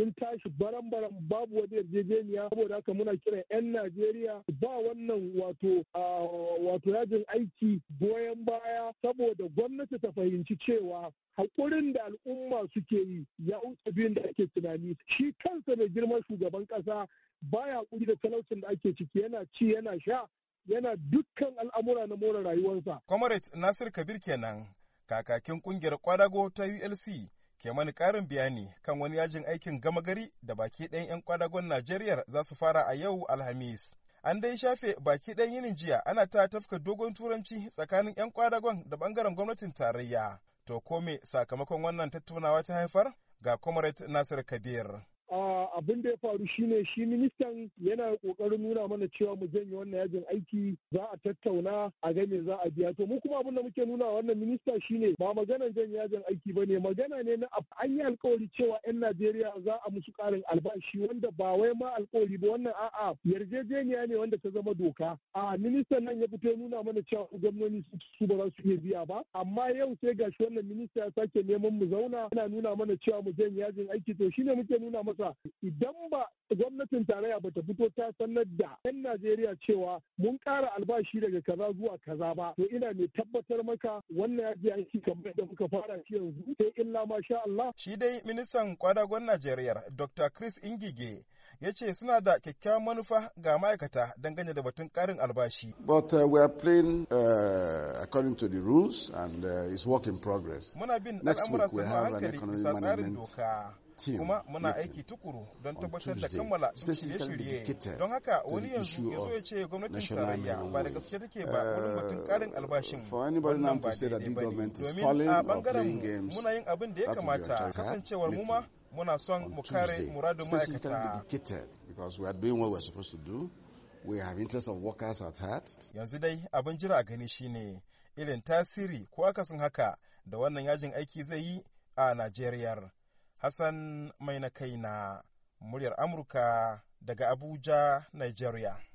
mun tashi baran-baran babu wani yarjejeniya saboda haka muna kiran 'yan Najeriya ba wannan wato wato yajin aiki goyon baya saboda gwamnati ta fahimci cewa haƙurin da al'umma suke yi ya biyun da ake tunani shi kansa mai girman shugaban ƙasa baya haƙuri da talaucin da ake ciki yana ci yana sha yana dukkan al'amura na more rayuwarsa. Comrade Nasir Kabir kenan kakakin ƙungiyar kwadago ta ULC ke mani karin bayani kan wani yajin aikin gama gari da baki ɗayan 'yan kwadagon Najeriya za su fara a yau Alhamis. An dai shafe baki ɗayan yinin jiya ana ta tafka dogon turanci tsakanin 'yan kwadagon da ɓangaren gwamnatin tarayya. To kome sakamakon wannan tattaunawa ta haifar ga Comrade Nasir Kabir. Uh, abin da ya faru shine shi ministan yana kokarin nuna mana cewa mu janye wannan yajin aiki za a tattauna a ga me za a biya to mu kuma abin da muke nuna wannan minista shine ba maganan janye yajin aiki bane magana ne na an yi alkawari cewa yan Najeriya za a musu karin albashi wanda ba wai ma alkawari ba wannan a'a yarjejeniya ne wanda ta zama doka a ministan nan ya fito nuna mana cewa gwamnoni su ba za su iya biya ba amma yau sai gashi wannan minista ya sake neman mu zauna yana nuna mana cewa mu janye yajin aiki to shine muke nuna masa idan ba gwamnatin tarayya ba ta fito ta sanar da 'yan Najeriya cewa mun ƙara albashi daga kaza zuwa kaza ba to ina mai tabbatar maka wannan ya shi kamar da muka fara shi yanzu sai illa ma sha Allah. Shi dai ministan kwadagon Najeriya Dr. Chris Ingige ya ce suna da kyakkyawan manufa ga ma'aikata dangane da batun karin albashi. But uh, we are playing uh, according to the rules and uh, it's work in progress. Muna bin al'amuran sun hankali bisa tsarin doka. kuma muna aiki tukuru don tabbatar da kammala shirye-shirye don haka wani yanzu ya zo ya ce gwamnatin tarayya ba da gaske take ba wani batun karin uh, albashin wannan ba daidai ba ne domin a bangaren muna yin abin da ya kamata kasancewar mu ma muna son mu kare muradun ma'aikata yanzu dai abin jira a gani shine irin tasiri ko akasin haka da wannan yajin aiki zai yi a najeriya hassan mai na kai na muryar amurka daga abuja nigeria